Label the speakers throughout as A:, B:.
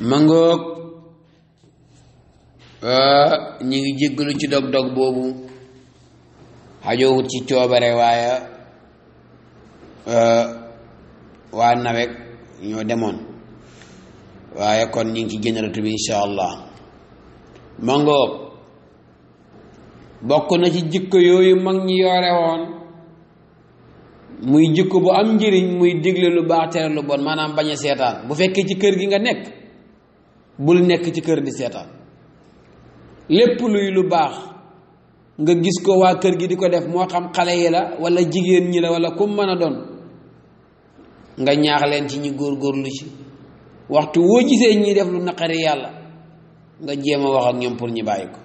A: mangoog ah, ñi ngi jéggalu ci dog-dog boobu xajoowut ci coobare waaye ah, waa nawek ñoo demoon waaye kon ñi ngi ci génératu bi insha allah mangoog na ci jikko yooyu mag ñi yoore woon muy jikko bu am njëriñ muy digle lu baax tere lu bon maanaam bañ seetaan bu fekkee ci kër gi nga nekk bul nekk ci kër di seetaan lépp luy lu baax nga gis ko waa kër gi di ko def moo xam xale yi la wala jigéen ñi la wala kum mën a doon nga ñaax leen ci ñi góorgóorlu ci waxtu woo gisee ñi def lu naqari yàlla nga jéem wax ak ñoom pour ñi bàyyi ko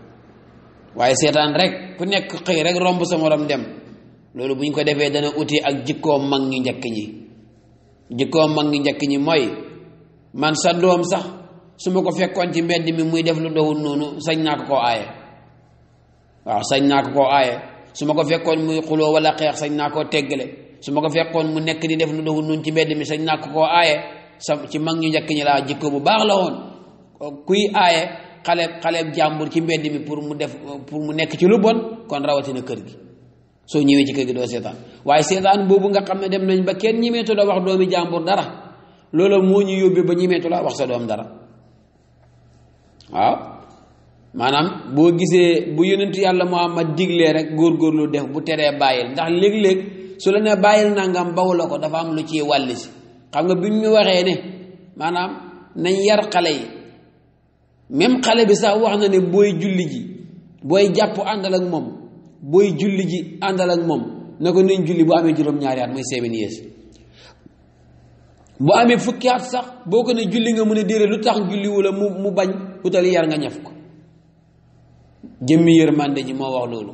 A: waaye rek ku nekk xëy rek romb sa morom dem loolu buñ ko defee dana uti ak jikkoo mag ñi njëkk ñi jikkoo mag ñi njëkk ñi mooy man sa doom sax su ko fekkoon ci mbedd mi muy def lu dowul nonu sañ na ko aye, aaye waaw sañ na ko aye. aaye su ma ko fekkoon muy xulo wala xex sañ na ko teggale su ma ko fekkoon mu nek di def lu dowul ci mbedd mi sañ na ko aye. aaye ci mag ñu njëkk ñi la jikko bu baax la won kuy aaye xale xale jambur ci mbedd mi pour mu def pour mu nek ci lu bon kon na kër gi so ñewé ci kër gi do sétan sétan bobu nga xamné dem nañ ba kenn ñimeetu do wax doomi jambur dara lolo mo ñu yobbe ba ñimeetu la wax sa doom dara waaw maanaam boo gisee bu yonent yàlla Muhammad diglee rek góorgóorlu def bu teree bàyyil ndax léeg-léeg su la ne bàyyil nangam baw la ko dafa am lu ci wàlli si xam nga bi ñu waxee ne maanaam nañ yar xale yi même xale bi sax wax na ne booy julli ji booy jàpp àndal ak moom booy julli ji àndal ak moom na ko nañ julli bu amee juróom-ñaari at mooy seven years bu amee fukki sax boo ko ne julli nga mu ne déedéet lu tax julli wala mu bañ utali yar nga ñaf ko yér mànde ji moo wax loolu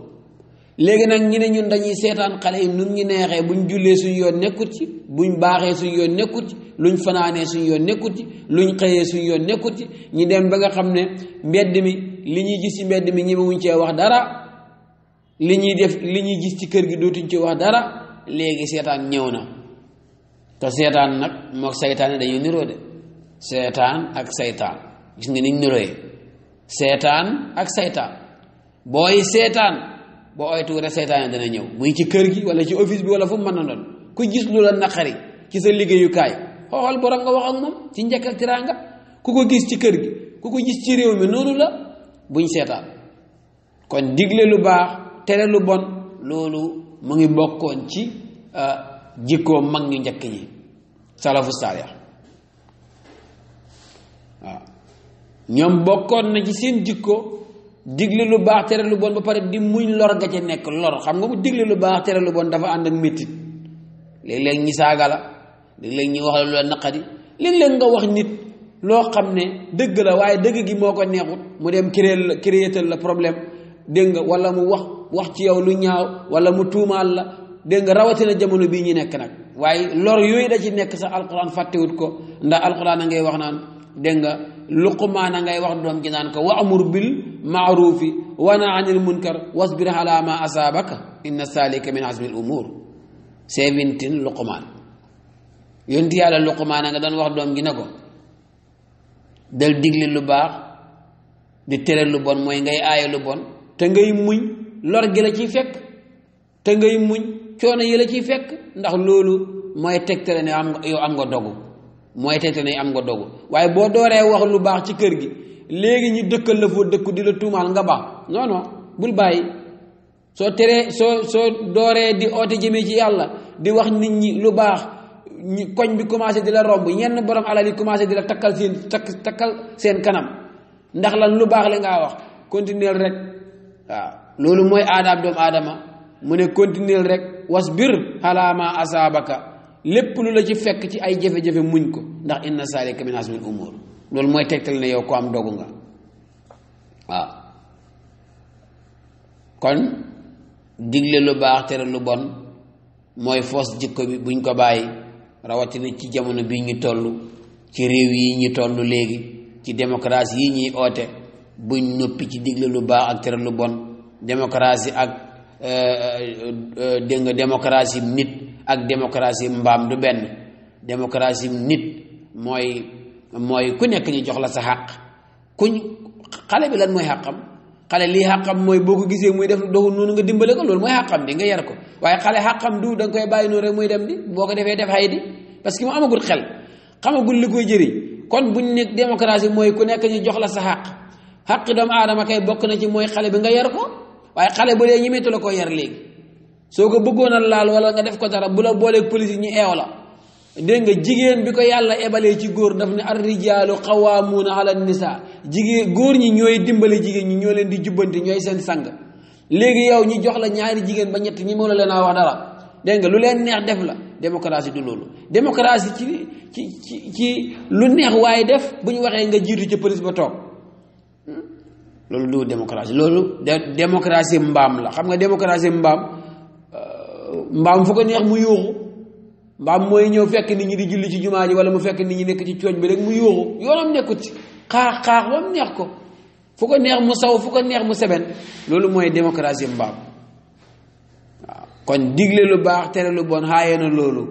A: léegi nag ñu ne ñun dañuy seetaan xale yi nu ñu neexee buñ jullee suñ yoon nekkut ci buñ baaxee suñ yoon nekkut ci luñ fanaanee suñ yoon nekkut ci luñ xëyee suñ yoon nekkut ci ñu dem ba nga xam ne mbedd mi li ñuy gis ci mbedd mi ñemewuñ cee wax dara li ñuy def li ñuy gis ci kër gi dootuñ ci wax dara léegi seetaan ñëw na te seetaan nag mook saytaan dañuy niroo de seetaan ak saytaan gis nga ni niroyee seetaan ak saytaan booy seetaan boo oytuwu rek seytaane dana ñëw muy ci kër gi wala ci office bi wala fu mu mën a doon ku gis lu la naqari ci sa liggéeyukaay xool borom nga wax moom ci njëkk ak ku ko gis ci kër gi ku ko gis ci réew mi noonu la buñ seetaan kon digle lu baax tere lu bon loolu mu ngi bokkoon ci euh, jikkoo mag ñu njëkk ñi salafu saalix waaw ñom bokkon na ci seen jikko diglé lu baax téré lu bon ba paré di muñ lor ga ca nek lor xam nga bu diglé lu baax téré lu bon dafa and ak méttit léeg ñi la ñi wax lu naqadi nga wax nit lo xamné deug la waye deug gi moko neexut mu dem créer créétal la problème dégg wala mu wax wax ci yow lu ñaaw wala mu tuumaal la dégg rawati na jamono bi ñi nek nak waye lor yoy da ci nek sa fatte wut ko ndax alcorane ngay wax naan لقمان غاي واخ دوم جي نانكو وامر بالمعروف وانا عن المنكر واصبر على ما اصابك ان ذلك من عزم الامور 17 لقمان يونت يالا لقمان غا دون واخ دوم جي نكو دل ديغلي لو باخ دي تيرل لو بون موي غاي اي لو بون تا غاي موي لور جي لا سي فك تا غاي موي چونا يلا سي فك نده لولو موي تكتل ني ام يو ام غا دوغو mooy tey ne am nga dogu waaye boo dooree wax lu baax ci kër gi léegi ñi dëkkal la foo dëkku di la tuumaal nga baax non non bul bàyyi soo teree soo soo dooree di oote jëme ci yàlla di wax nit ñi lu baax ñi koñ bi commencé di la romb ñenn borom alal yi commencé di la takkal seen takk takkal seen kanam ndax lan lu baax la ngaa wax continuer rek waaw loolu mooy aadaab doomu aadama mu ne continuer rek wasbir xalaa ma asaabaka lépp lu la ci fekk ci ay jafe-jafe muñ ko ndax inna zalika min azmil umur loolu mooy tegtal ne yow ko am dogu nga waaw kon digle lu baax tere lu bon mooy fos jikko bi buñ ko bàyyi rawatina ci jamono bi ñu toll ci réew yi ñu toll léegi ci démocratie yi ñuy oote buñ noppi ci digle lu baax ak tere lu bon démocratie ak Euh, dégg nga démocratie nit ak démocratie mbaam du benn démocratie nit mooy mooy ku nekk ñu jox la sa xàq kuñ bi lan mooy xàqam xale lii xàqam mooy boo ko gisee muy def doxul noonu nga dimbale ko loolu mooy xàqam di nga yar ko waaye xale xàqam du da nga koy bàyyi noonu rek muy dem di boo ko defee def parce que mu amagul xel xamagul li koy jëriñ kon buñ nekk démocratie mooy ku nekk ñu jox la sa xàq xàqi doomu aadama kay bokk na ci mooy xale bi nga yar ko waaye xale ba léegi ñemeetu la ko yar léegi soo ko bëggoon a laal wala nga def ko dara bu la booleeg police ñu eew la dégg nga jigéen bi ko yàlla ebalee ci góor daf ne ar rijaalu xawaamuuna ala nissaa jigéen góor ñi ñooy dimbale jigéen ñi ñoo leen di jubbante ñooy seen sang léegi yow ñu jox la ñaari jigéen ba ñett ñi moo la leen a wax dara dégg nga lu leen neex def la démocratie du loolu démocratie ci ci ci ci lu neex waaye def bu ñu waxee nga jiitu ca police ba toog hmm? loolu du démocratie loolu démocratie mbaam la xam nga démocratie mbaam euh, mbaam fu ko neex mu yuuxu mbaam mooy ñëw fekk nit ñi di julli ci jumaa ji wala mu fekk nit ñi nekk ci cooñ bi rek mu yuuxu yoonam nekkut ci xaax xaax ba mu neex ko fu ko neex mu saw fu ko neex mu seben loolu mooy démocratie mbaam waaw kon digle lu baax tere lu bon xaaye na loolu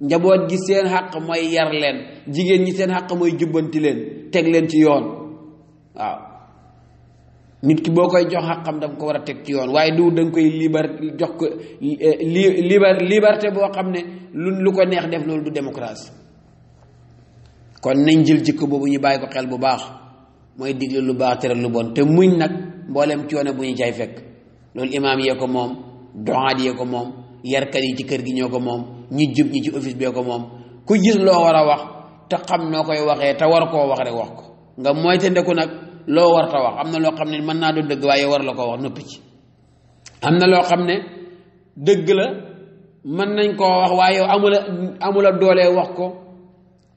A: njaboot gi seen xàq mooy yar leen jigéen ñi seen xàq mooy jubbanti leen teg leen ci yoon waaw nit ki boo koy jox xam dam ko war a teg ci yoon waaye du danga koy liber jox ko eh, liber liberté boo xam ne lu lu ko neex def loolu du démocratie kon nañ jël ko boobu ñu bàyyi ko xel bu baax mooy digle lu baax tere lu bon te muñ nag mboolem mbooleem coono bu ñu jay fekk loolu imaam yee ko moom doxaat yee ko moom yar yi ci kër gi ñoo ko moom ñi jub ñi ci office bee ko moom ku gis loo war a wax te xam noo koy waxee te war koo wax rek wax ko nga moytandiku nag loo warta wax am na loo xam ne mën naa doon dëgg waaye war la ko wax noppi ci am na loo xam ne dëgg la mën nañ koo wax waaye yow amula amula doolee wax ko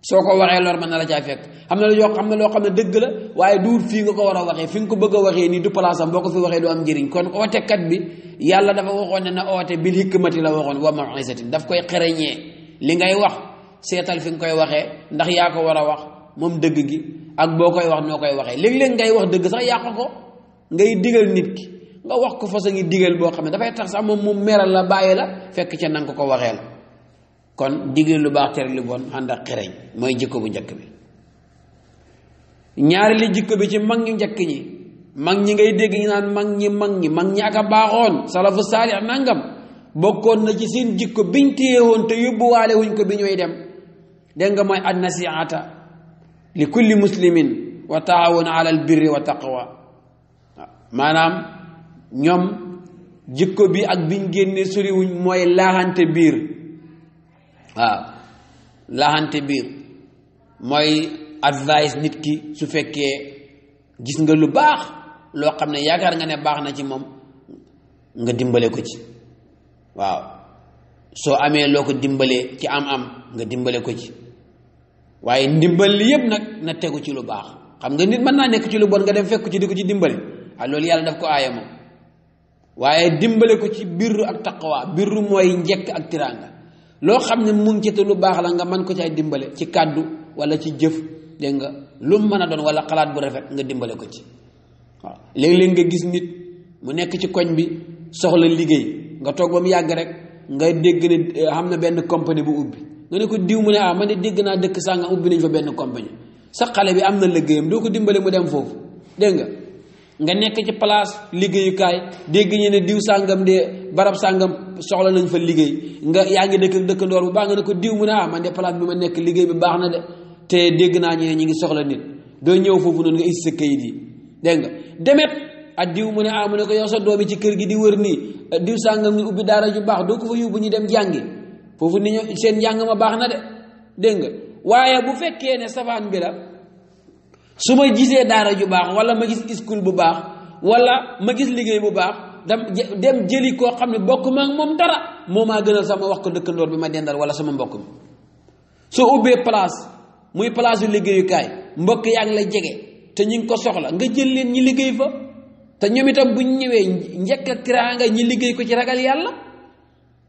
A: soo ko waxee lor mën na la caa fekk am na yoo xam ne loo xam ne dëgg la waaye duut fii nga ko war a waxee fi nga ko bëgg a waxee nii du palaasam boo ko fi waxee du am njëriñ kon ootekat bi yàlla dafa waxoon ne na oote bil hikmati la waxoon wam wa maisatin daf koy xereñee li ngay wax seetal fi nga koy waxee ndax yaa ko war a wax mom deug gi ak bokay wax noo waxe leg leg ngay wax deug sax yaq ko ngay digel nit ki nga wax ko fasa ngi digel bo xamne da fay tax sax mom mu meral la baye la fekk ci nang ko waxel kon digel lu bax ter lu bon ànd xereñ moy jikko bu jekk bi ñaari li jikko bi ci mag ñu jekk ñi mag ñi ngay deg ñi naan mag ñi mag ñi mag ñi aka baxoon salafu salih nangam bokkon na ci seen jikko biñ te wuñ ko dem de nga moy annasiata li kulli muslimin wa taawanu ala al birri wa maanaam ñoom jikko bi ak biñ génnee soriwuñ mooy laaxante biir waaw laaxante biir mooy advice nit ki su fekkee gis nga lu baax loo xam ne yaakaar nga ne baax na ci moom nga dimbale ko ci waaw soo amee loo ko dimbalee ci am am nga dimbale ko ci waaye ndimbal li yëpp nag na tegu ci lu baax xam nga nit mën naa nekk ci lu bon nga dem fekku ci di ko ci dimbali ah loolu yàlla daf ko aaya waaye dimbale ko ci birru ak taqwa birru mooy njekk ak tiraanga loo xam ne mu ngi lu baax la nga mën ko ci ay dimbale ci kàddu wala ci jëf dégg nga lu mu mën a doon wala xalaat bu rafet nga dimbale ko ci waaw léegi léeg nga gis nit mu nekk ci koñ bi soxla liggéey nga toog ba mu yàgg rek nga dégg ne xam eh, na benn compagnie bu ubbi nga ne ko diw mu ne ah man de dégg naa dëkk sàngam ubbi nañ fa benn compagnie sa xale bi am na liggéeyam doo ko dimbale mu dem foofu dégg nga nga nekk ci place liggéeyukaay dégg ñu ne diw sàngam de barab sàngam soxla nañ fa liggéey nga yaa ngi dëkk dëkkandoor bu baax nga ne ko diw mu ne ah, man de place bi ma nekk liggéey bi baax na te dégg naa ñee ñi ngi soxla nit doo ñëw foofu noonu nga is sa kayit yi dégg nga demet ak ah, diw mu ne ah mu ne ko yow sa doom yi ci kër gi di wër nii ah, diw sàngam ni ubbi daara ju baax doo ko fa yóbbu ñu dem jàngi fofu nit ñi seen njàng ma baax na de dégg nga waaye bu fekkee ne safaan bi la su ma gisee ju baax wala ma gis iskul bu baax wala ma gis liggéey bu baax dam dem jëli koo xam ne bokk ma ak moom dara moo maa gënal sama wax ko dëkkandoor bi ma dendal wala sama mbokk mi soo ubbee place muy place yu liggéeyukaay mbokk yaa ngi lay jege te ñu ngi ko soxla nga jël leen ñi liggéey fa te ñoom bu ñëwee njëkk ñi liggéey ko ci ragal yàlla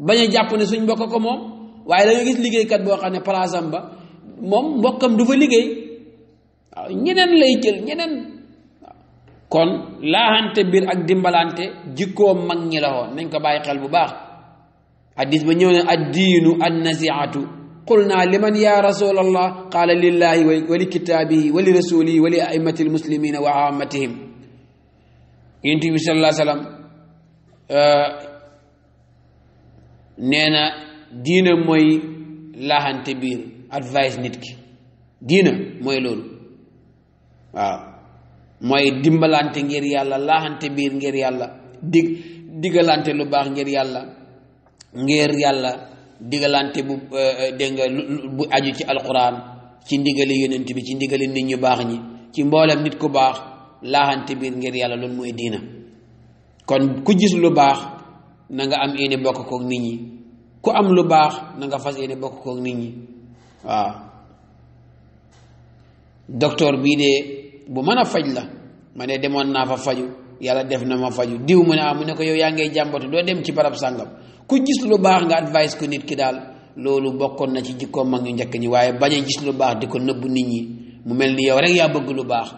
A: baña jàpp ne suñ mbokk ko mom waye dañu gis liggéeykat boo xam ne palaasam ba mom mbokam du fa liggéey ñeneen lay jël ñeneen kon laaxante bir ak dimbalante jikko mag ñi la won nañ ko bàyyi xel bu baax hadith ba ñëw ne ad annasiatu an-nazi'atu قلنا لمن يا رسول الله قال لله ولكتابه ولرسوله ولأئمة المسلمين وعامتهم ينتبه صلى الله عليه وسلم yonent nee na diina mooy laaxante biir advice nit ki diina mooy loolu waaw mooy dimbalante ngir yàlla laaxante biir ngir yàlla dig digalante lu baax ngir yàlla ngir yàlla digalante bu eh, eh, dégg bu aju ci alxuraan ci ndigali yonent bi ci ndigali nit ñu baax ñi ci mboolem nit ku baax laaxante biir ngir yàlla loolu mooy diina kon ku gis lu baax na nga am yéene bokk kook nit ñi ku am lu baax nanga nga fas yéene bokk kook nit ñi waaw docteur bii de bu man a faj la ma ne demoon naa fa faju yàlla def na ma faju diw mu ne ah mu ne ko yow yaa ngay jàmbatu doo dem ci barab sàngam ku gis lu baax nga advice ko nit ki daal loolu bokkoon na ci jikkoom mag ñu njëkk ñi waaye bañ gis lu baax di ko nëbbu nit ñi mu mel ni yow rek yaa bëgg lu baax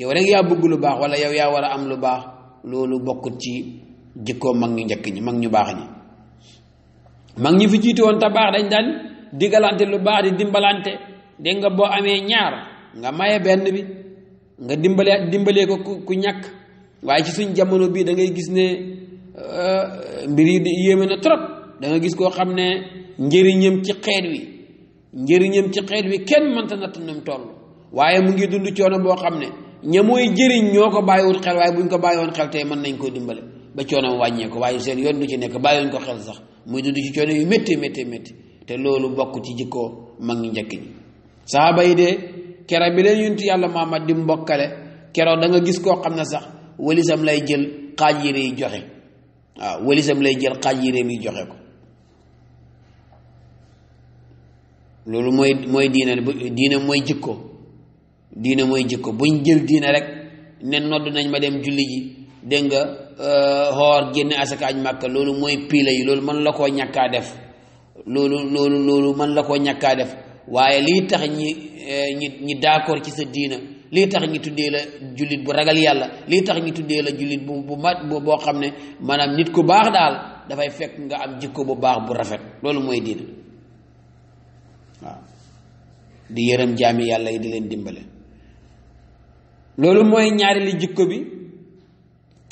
A: yow rek yaa bëgg lu baax wala yow yaa war a am lu baax loolu bokkut ci jikko mag ñu njëkk ñi mag ñu baax ñi mag ñi fi jiitu woon ta baax dañ daan digalante lu baax di dimbalante de nga boo amee ñaar nga maye benn bi nga dimbale dimbalee ko ku ku ñàkk waaye ci suñ jamono bi da ngay gis ne euh, mbir yi yéeme na trop da nga gis koo xam ne njëriñam ci xeet wi njëriñam ci xeet wi kenn mënta natt num toll waaye mu ngi dund coono boo xam ne jëriñ ñoo ko xel waaye buñ ko bàyyiwoon xel tey mën nañ koo dimbale ba coonam wàññee ko waaye seen yoon du ci nekk bàyyiwuñ ko xel sax muy dund ci coono yu métti métti métti te loolu bokk ci jikkoo mag ñi njëkk ñi saxaaba yi de kero bi leen yuntu yàlla Muhammad di mbokkale kero da nga gis koo xam ne sax wëlisam lay jël xaaj yére yi joxe waaw wëlisam lay jël xaaj mi joxe ko loolu mooy mooy diine diina mooy jikko diine mooy jikko buñ jël diina rek ne nodd nañ ma dem julli ji Denga nga euh, xoor génne asaka ak makka lolu moy pile yi lolu man la koo ñàkkaa def lolu lolu lolu man la koo def waaye li tax ñi euh, ñi ñi d'accord ci sa diina li tax ñi tuddé la julit bu ragal yalla li tax ñi tuddé la julit bu bu mat bo xamné manam nit ku baax da fay fekk nga am jikko bu baax bu rafet lolu moy diina wa di yërëm jami yalla yi di dimbalé lolu moy ñaari li jikko bi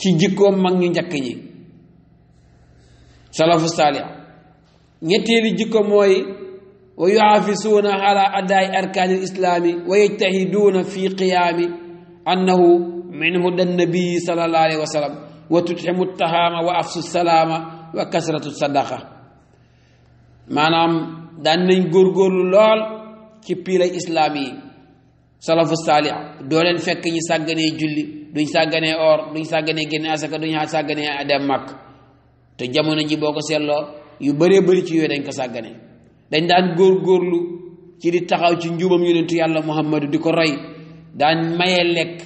A: ci jikko mag ñu njëkk ñi salafu salih ñetteeli jikko mooy wa yuxaafisuuna ala adai arkaani alislam wa yajtahiduna fi qiyaami annahu min huda nabi sallallahu allah alayhi wa sallam wa tutximu tahaama wa afsu salama wa kasratu sadaqa manam dan nañ gor góorgóorlu lol ci pile islaam yi salafu salih do len fekk ñi sagane julli duñ sàgganee or duñ sàgganee génne asaka duñ sàgganee dem mak te jamono ji boo ko seetloo yu bëree dan ci yoy dañ ko sàgganee dañ daan góor góorlu ci di taxaw ci njubam yonentu yàlla muhammad di ko roy daan maye lekk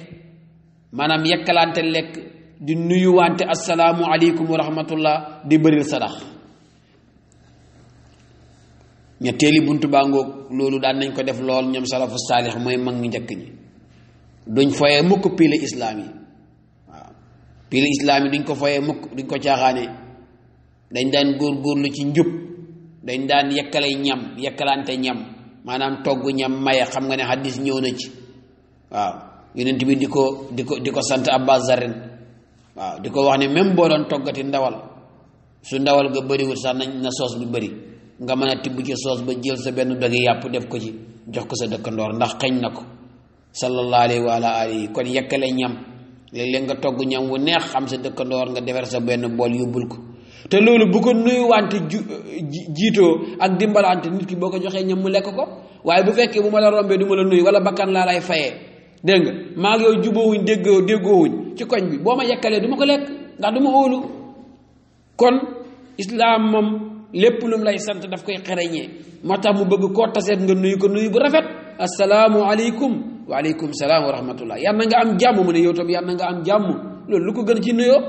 A: maanaam yekkalante lekk di wante assalaamu aleykum wa rahmatullah di bëril sadax ñetteeli buntu baa loolu daan nañ ko def lool ñoom salafu saalix mooy mag ñu njëkk ñi duñ foyee mukk pile islaam yi waaw pile islaam yi duñ ko foyee mukk duñ ko caaxaane dañ daan góorgóorlu ci njub dañ daan yekkale ñam yekkalante ñam maanaam togg ñam maye xam nga ne hadis ñëw na ci waaw yonent bi di ko di ko di ko sant Abbas Zarin waaw di ko wax ne même boo doon toggati ndawal su ndawal ga bëriwul sax nañ na soos bi bari nga mën a tibb ci soos ba jël sa benn dogi yàpp def ko ci jox ko sa dëkkandoor ndax xeñ na ko sallallahu alayhi wa alihi kon yekkale ñam léeg-léeg nga togg ñam wu neex xam sa dëkkandoor nga defar sa benn bool yóbbul ko te loolu bu ko nuyuwante ju jiitoo ak dimbalante nit ki boo ko joxee ñam mu lekk ko waaye bu fekkee bu ma la rombee du ma la nuyu wala bakkan laa lay fayee dégg nga maa ngi yow jubóowuñ déggoo déggoowuñ ci koñ bi boo ma yekkalee du ma ko lekk ndax du ma óolu kon islaam moom lépp lu lay sant daf koy xereñee moo tax mu bëgg koo taseet nga nuyu ko nuyu bu rafet asalaamualeykum waaleykum salaam wa rahmatullah yal na nga am jàmm mu ne yow tam yal nga am jàmm loolu lu ko gën a ci nuyoo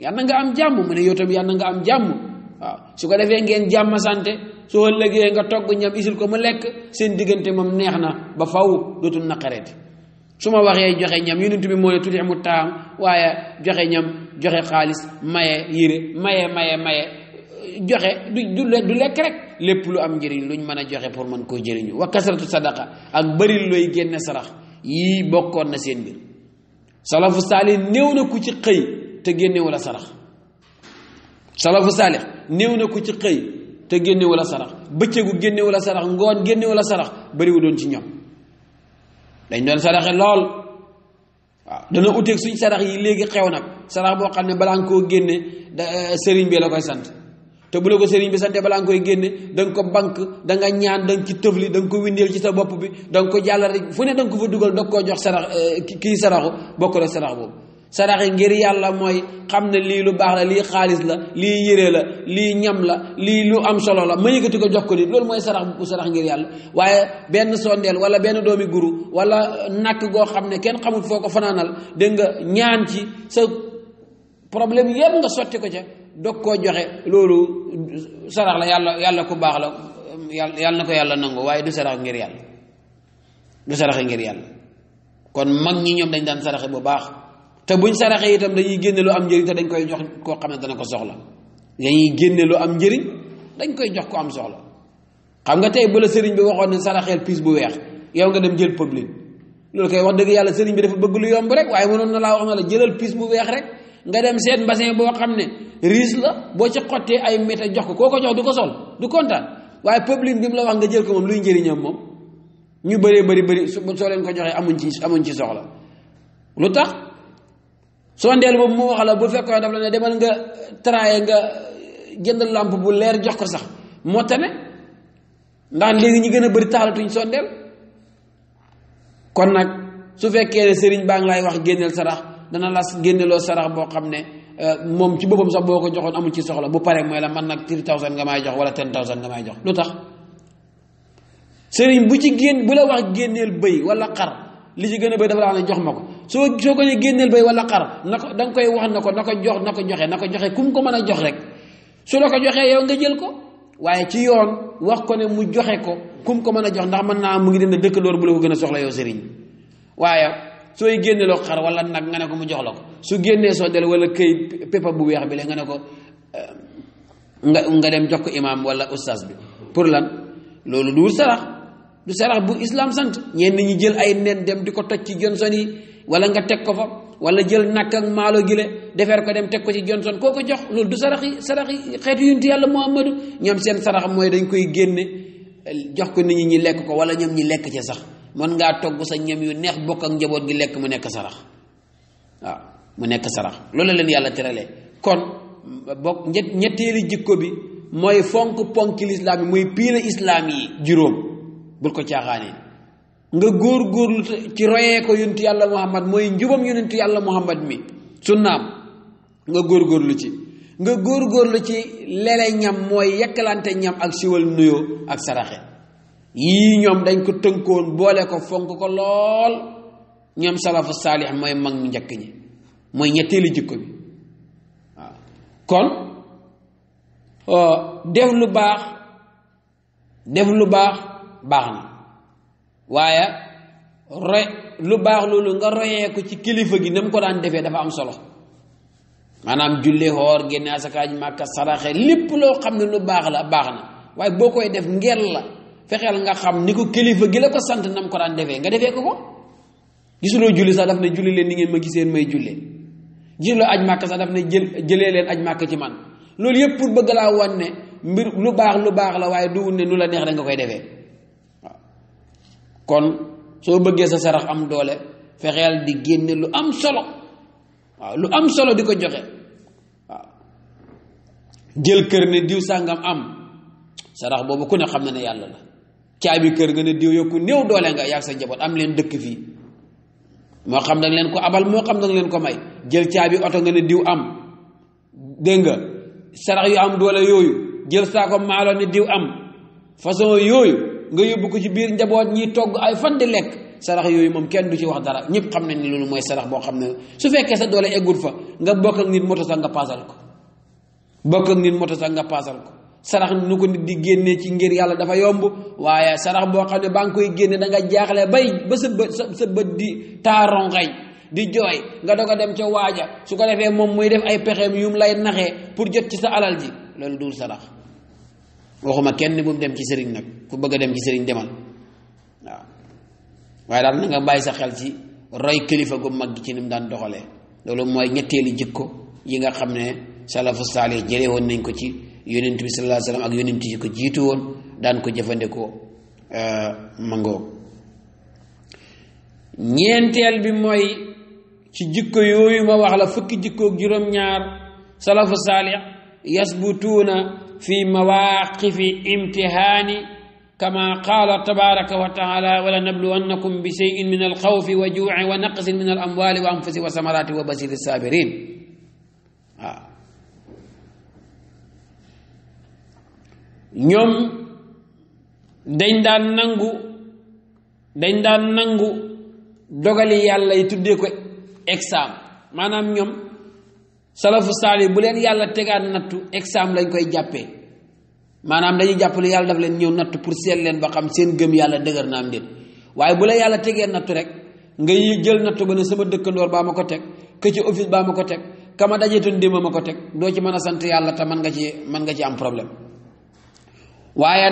A: yal na nga am jàmm mu ne yow tam yal nga am jàmm waaw su ko defee ngeen jàmm sante soo ëllëgee nga togg ñam isil ko mu lekk seen diggante moom neex na ba faw dootul naqareeti su ma waxee joxe ñam yonent bi moo ne tuuti mu taam waaye joxe ñam joxe xaalis maye yére maye maye maye joxe du du lekk rek lepp lu am njëriñ luñ mën a joxe pour mën koo jëriñu wa kasratu sadaqa ak bari looy génne sarax yii bokkoon na seen mbir salafu saalih néew na ku ci xëy te génne wala sarax salafu saalih néew na ku ci xëy te génne wala sarax bëccëgu génne wala sarax ngoon génne wala sarax beri doon ci ñoom dañ doon saraxe lool waaw dana uteeg suñ sarax yi léegi xew nag sarax boo xam ne balaa nga koo génne sëriñ bi la koy sant te bu la ko sëriñ bi sante balaa nga koy génne da nga ko bank da ñaan da nga ci tëfli da ko windeel ci sa bopp bi da ko ko jàllale fu ne da ko fa dugal da nga koo jox sarax eh, kii saraxu bokk la sarax yi ngir yàlla mooy xam ne lii lu baax la lii xaalis la lii yére la lii ñam la lii lu am solo la ma yëkkati ko jox ko nit loolu mooy sarax bu sarax ngir yàlla waaye benn sondeel wala benn doomi guru wala nakk goo xam ne kenn xamut foo ko fanaanal dégg nga ñaan ci sa problème yëpp nga sotti ko ca dog koo joxe loolu sarax la yalla yalla ku bax la yalla na ko yàlla nangu waaye du sarax ngir yalla du ngir yalla kon mag ñi ñom dañ daan saraxe bu bax te buñ saraxee itam dañuy génne lu am njëriñ te dañ koy jox ko xam dana ko soxla dañuy génne lu am njëriñ dañ koy jox ko am soxla xam nga tay bu la sëriñ bi waxoon ne saraxeel pis bu weex yow nga dem jël pëblin lolu kay wax deug yalla sëriñ bi dafa bëgg lu yomb rek waye mënon na la wax na la jëlal pis bu rek nga dem seet mbasin boo xam ne riis la boo ci xottee ay méta jox ko koo ko jox du ko sol du kontaan waaye public bi mu la wax nga jël ko moom luy njëriñam moom ñu bëree bëri bëri soo leen ko joxee amuñ ci amuñ ci soxla lu tax sondeel boobu mu wax la bu fekkoon daf la ne demal nga traaye nga jënd làmp bu leer jox ko sax moo tane ndax léegi ñi gën a bëri taalatuñ sondeel kon nag su fekkee ne sëriñ baa ngi lay wax génneel sarax dana la génneloo sarax boo xam ne euh, moom ci boppam sax boo ko joxoon amul ci soxla bu paree mooy la man nag three thousand nga may jox wala ten thousand nga may jox lu tax sëriñ bu ci génn bu la wax génneel bëy wala xar li ci gën a bëy dafa la wax ne jox ma ko soo soo ko ne génneel bëy wala xar na ko da koy wax na ko na jox na ko joxe na ko joxe ku ko mën a jox rek su la ko joxee yow nga jël ko waaye ci yoon wax ko ne mu joxe ko ku ko mën a jox ndax mën naa mu ngi dem ne dëkk loolu bu la ko gën a soxla yow so génne lo xar wala nak nga ne ko mu jox lako su su so del wala kay pepa bu wex bi le nga ne ko eh, nga nga dem jox ko imam wala oustaz bi pour lan lolou du sarax du sarax bu islam sante ñen ñi jël ay nen dem di ko ci Johnson yi wala nga tek ko fa wala jël nak ak gile defer ko dem tek ko ci Johnson koko jox lolou du sarax sarax xet yu yunti yalla muhammad ñom seen sarax moy dañ koy génne jox ko nit ñi lek ko wala ñom ñi lek ci sax mën ngaa togg sa ñam yu neex bokk ak njaboot gi lekk mu nekk sarax waaw mu nekk sarax loolu leen yàlla teralee kon bokk ñett ñetteeli jikko bi mooy fonk ponki lislaam yi muy piila islaam yi juróom bul ko caaxaanee nga góor góorlu ci royee ko yonentu yàlla muhammad mooy njubam yonentu yàlla muhammad mi sunnaam nga góor góorlu ci nga góor góorlu ci lele ñam mooy yekkalante ñam ak siwal nuyoo ak saraxe yi ñom dañ ko teunkoon boole ko fonk ko lool ñom salafu salih moy mag ñu njëkk ñi moy ñetteelu jikko bi kon def lu baax def lu baax baax na waaye roy lu baax loolu nga royee ko ci kilifa gi nam ko daan defee dafa am solo maanaam julli hoor génne asakaaj màkka saraxe lépp loo xam ne lu baax la baax na waaye boo koy def ngel la fexeel nga xam ni ko kilifa gi la ko sant nam ko daan defee nga defee ko ko gisuloo julli sax daf ne julli leen ni ngeen ma giseen may jullee gisuloo aj màkk sax daf ne jëlee leen aj màkk ci man loolu yëpp pour bëgg laa wan ne mbir lu baax lu baax la waaye duwul ne nu la neex rek nga koy defee waaw soo bëggee sa sarax am doole fexeel di génne lu am solo waaw lu am solo di ko joxe waaw kër ne diw sàngam am sarax boobu ku ne xam na ne yàlla la caabi kër nga ne diw yokku néew doole nga yaag sa njaboot am leen dëkk fii moo xam da leen ko abal moo xam da nga leen ko may jël caabi oto nga ne diw am dégg nga sarax yu am doole yooyu jël saako maalo ne diw am façon yooyu nga yóbbu ko ci biir njaboot ñiy togg ay fan di lekk sarax yooyu moom kenn du ci wax dara ñëpp xam nañ ni loolu mooy sarax boo xam ne su fekkee sa doole eggul fa nga bokk ak nit moto sax nga paasal ko bokk nit moto sax nga paasal ko sarax nu ko nit di génnee ci ngir yàlla dafa yomb waaye sarax boo xam ne ba koy génne da nga jaaxle bay ba sa bët sa bët di taaron xay di jooy nga doog a dem ca waaja su ko defee moom muy def ay pexeem yum lay naxee pour jot ci sa alal ji loolu dul sarax waxuma kenn bu mu dem ci sëriñ nag ku bëgg a dem ci sëriñ demal waaw waaye daal na nga bàyyi sa xel ci roy kilifa gu mag ci nim daan doxalee loolu mooy ñetteeli jikko yi nga xam ne salafu saalih jëlee nañ ko ci yonent bi sallallahu alayhi ak yonent ko jiitu woon daan ko jëfandikoo euh, mangoo ñeenteel bi mooy ci jikko yooyu waxla wax la fukki jikkoog juróom-ñaar salafu saalix yasbutuuna fi mawaqifi imtihaani kama qaala tabaraka wa taala wala nabluwannakum bi cheyin min alxawfi wa juuci wa naqsin min al wa anfusi wa samaraati wa basiri sabirin ñoom dañ daan nangu dañ daan nangu dogali yàlla yi tuddee ko examen maanaam ñoom salafu saali bu leen yàlla tegaat nattu examen lañ koy jàppe maanaam dañuy jàpp ne yàlla daf leen ñëw nattu pour seet leen ba xam seen gëm yàlla dëgër naam déet waaye bu la yàlla tegee nattu rek nga yi jël nattu ba ne sama dëkkandoor baa ma ko teg kë ci office baa ma ko teg kama dajetoon démb ma ko teg doo ci mën a sant yàlla te mën nga ci mën nga ci am problème waaye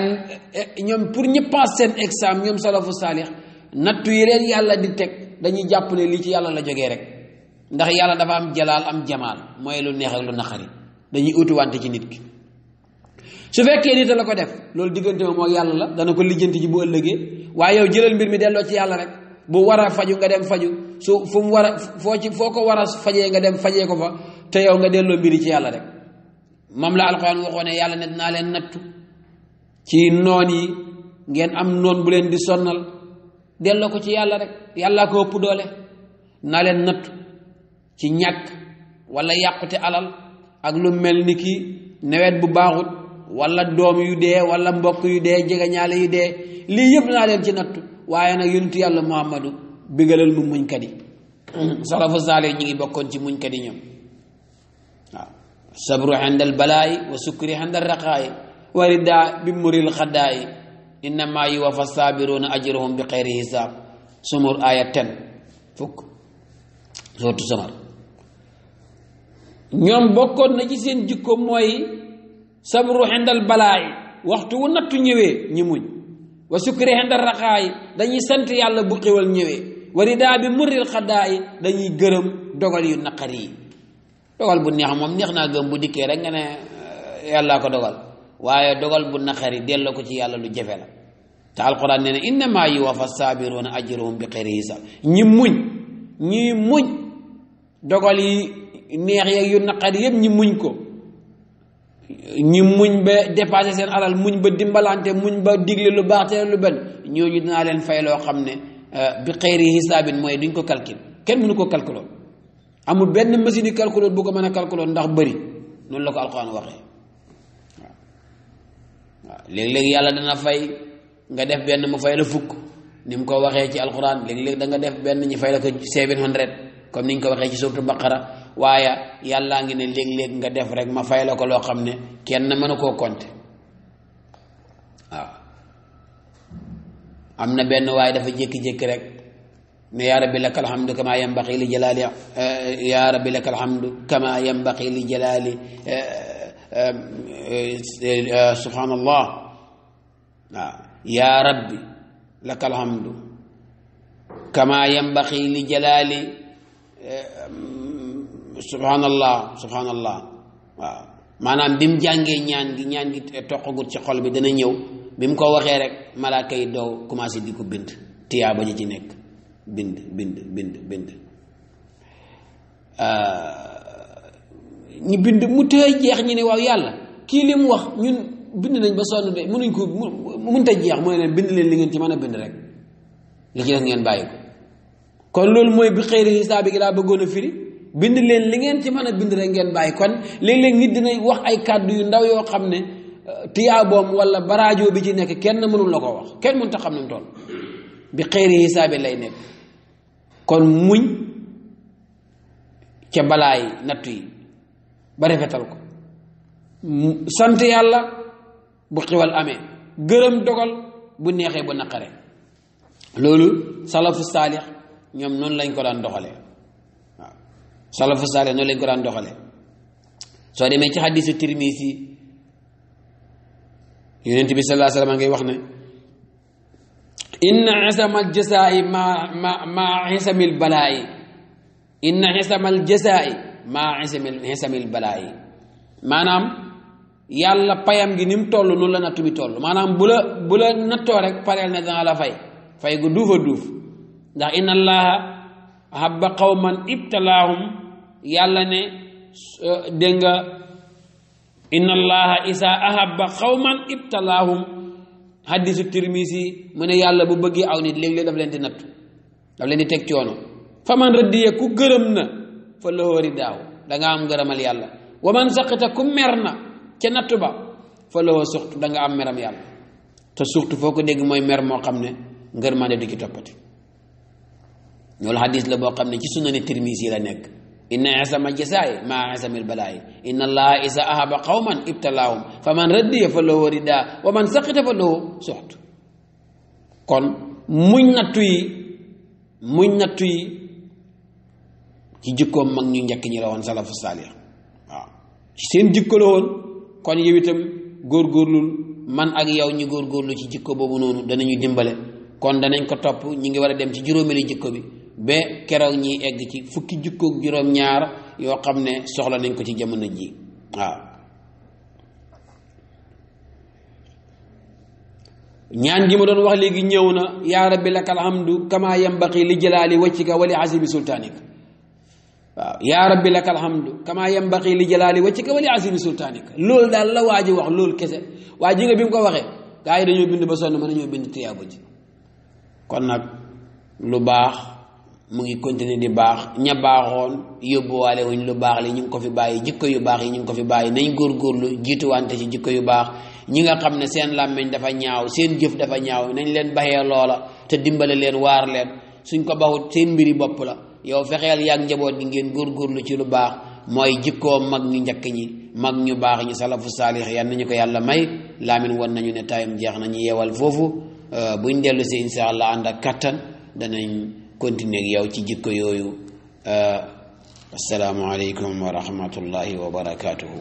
A: eh, eh, ñoom pour ñu passe seen examen ñoom salafu saalix nattu yi leen yàlla di teg dañuy jàpp ne lii ci yàlla la jógee rek ndax yàlla dafa am jalaal am jamaal mooy lu neexal ak lu naqari dañuy utiwante ci nit ki su fekkee nit la ko def loolu diggante ma moo la dana ko lijjanti ji bu ëllëgee waaye yow jëlal mbir mi delloo ci yàlla rek bu war a faju nga dem faju su mu war a ci foo ko war fajee nga dem fajee ko fa te yow nga delloo mbiri ci yàlla rek moom la alxuraan waxoo ne yàlla ne dinaa leen nattu ci nooni ngeen am noon bu leen di sonnal dello ko ci yàlla rek yàlla ko ëpp doole na leen nattu ci ñàkk wala yàqute alal ak lu mel ni ki nawet bu baaxut wala doom yu dee wala mbokk yu dee jegañaale yu dee lii yëpp naa leen ci nattu waaye nag yunitu yàlla muhammadu bigalal mu muñ kat yi hmm. salafu saleh ñi ngi bokkoon ci muñ kat yi ñoom waaw sabru indal balaayi wa sukkri indal raqaayi warida bi muril xaddaayi innama yuwafa saabiruna ajrahum bi xayri hisaab sumur aya ten fukk sootu samar ñoom bokkoon na ci seen jikko mooy sabru xendal balaayi waxtu wu nattu ñëwee ñi muñ wa sukkri xendal raxaayi dañuy sant yàlla bu xiwal ñëwee warida bi muril xaddaayi dañuy gërëm dogal yu naqar yi dogal bu neex moom neex naa gëm bu dikkee rek nga ne eh, yàllaa ko dogal waye dogal bu naxari delo ko ci yàlla lu jefe la ta alquran nee inna ma yuwafa sabiruuna ajruhum bi qirisa ñi muñ ñi muñ dogal yi neex yeeg yu naqari yeb ñi muñ ko ñi muñ ba dépasser sen alal muñ ba dimbalante muñ ba digle lu baax te lu benn ñooñu dina len fay lo xamné bi xayri hisabin moy duñ ko calcul ken mënu ko calculoon amul ben machine yi bu ko mëna a ndax bari non la ko alquran waxe waaw léeg-léeg yàlla dana fay nga def benn mu fay la fukk ni mu ko waxee ci alquran léeg-léeg da nga def benn ñi fay la ko seven hundred comme ni ñu ko waxee ci suurtu baqara waaye yàllaa ngi ne léeg-léeg nga def rek ma fay la ko loo xam ne kenn mënu koo compter waaw am na benn waaye dafa jékki-jékki rek mais yaa rabbi laka alhamdu kama yanbaqi li jalaali eh, yaa rabbi laka alhamdu kama yanbaqi li jalaali eh, سبحان الله يا ربي لك الحمد كما ينبغي لجلال سبحان الله سبحان الله maanaam bi mu jàngee ñaan gi ñaan gi toqagut ci xol bi dana ñëw bi mu ko waxee rek malaaka yi doo commencé di ko bind tiyaaba ji ci nekk bind bind bind bind ñu bind mu tëj jeex ñi ne waaw yàlla kii li wax ñun bind nañ ba sonn de mënuñ ko mënut a jeex mu ne leen bind leen li ngeen ci mën a bind rek li ci ngeen bàyyi kon loolu mooy bi xëyri xisaab bi laa bëggoon a firi bind leen li ngeen ci mën a bind rek ngeen bàyyi kon léeg nit dina wax ay kàddu yu ndaw yoo xam ne euh, tiyaaboom walla baraajo bi ci nekk kenn mënul la ko wax kenn mun a xam ne mu bi xëyri xisaab bi lay nekk kon muñ ca balaay nattu yi ba rafetal ko sant yàlla bu xiwal amee gërëm dogal bu neexee bu naqare loolu salafu saalix ñoom noonu lañ ko daan doxalee waaw salafu saalix noonu lañ ko daan doxalee soo demee ci xaddisu tirmisi yonent bi salaa sallam ngay wax ne inna isamal jasaayi ma ma ma isamil balaayi inna isamal jasaayi maa insamil insamil balaa yi maanaam yàlla payam gi ni mu toll noonu la nattu bi toll maanaam bu la bu nattoo rek pareel ne dana la fay fay gu duufa duuf ndax inna allaha habba qawman ibtalaahum yàlla ne euh, dégg nga inna allaha isaa ahabba qawman ibtalaahum hadisu tirmisi mu ne yàlla bu bëggee aw nit léeg-léeg daf leen di nattu daf leen di teg coono fa man rëddiye ku gërëm na فله رداء دغا ام غرمال يالا ومن سقط كمرنا كنتبا فله سخط دغا ام مرام يالا te surtout foo ko dégg mooy mer moo xam ne ngërmande du ci toppati loolu hadis la boo xam ne ci sunani tirmisi la nekk inna isama jasaay maa isamil balaay inna allaha isa ahaba qawman ibtalaahum fa man raddiya fa lahu rida wa man saqita fa lahu suxt kon muñ nattu yi muñ nattu yi ci jikkoom mag ñu njëkk ñi la woon salafu saalih waaw seen jikko woon kon yow itam góor góorgóorlul man ak yow ñu góorlu ci jikko boobu noonu danañu dimbale kon danañ ko topp ñu ngi war a dem ci juróomeelu jikko bi ba keroog ñiy egg ci fukki jikkoog juróom-ñaar yoo xam ne soxla nañ ko ci jamono ji waaw ñaan gi ma doon wax léegi ñëw na yaa rabbi lakal hamdu kama yambaqi li jalaali wajhika wa li azimi sultaanika waaw yaa rabbi laka alhamdu kama yambaqi li jalaali wajhika wa li azimi sultaanika loolu daal la waa ji wax loolu kese waa ji bi mu ko waxee kaa yi dañoo bind ba sonn mën nañoo bind tiyaabo ji kon nag lu baax mu ngi continuer di baax ña baaxoon yóbbuwaale wuñ lu baax li ñu ko fi bàyyi jikko yu baax yi ñu ngi ko fi bàyyi nañ góorgóorlu jiituwante ci jikko yu baax ñi nga xam ne seen làmmiñ dafa ñaaw seen jëf dafa ñaaw nañ leen baxee loola te dimbale leen waar leen suñ ko baxut seen mbiri bopp la yow fexeel yaag njaboot gi ngeen góorgóorlu ci lu baax mooy jikkoom mag ñu njëkk ñi mag ñu baax ñi salafu saalix yan nañu ko yàlla may laamin won nañu ne tayam jeex na ñu yeewal foofu euh, buñ dellu si insha allah ànd ak kattan danañ continuer ak yow ci jikko yooyu euh, assalaamu aleykum wa rahmatullahi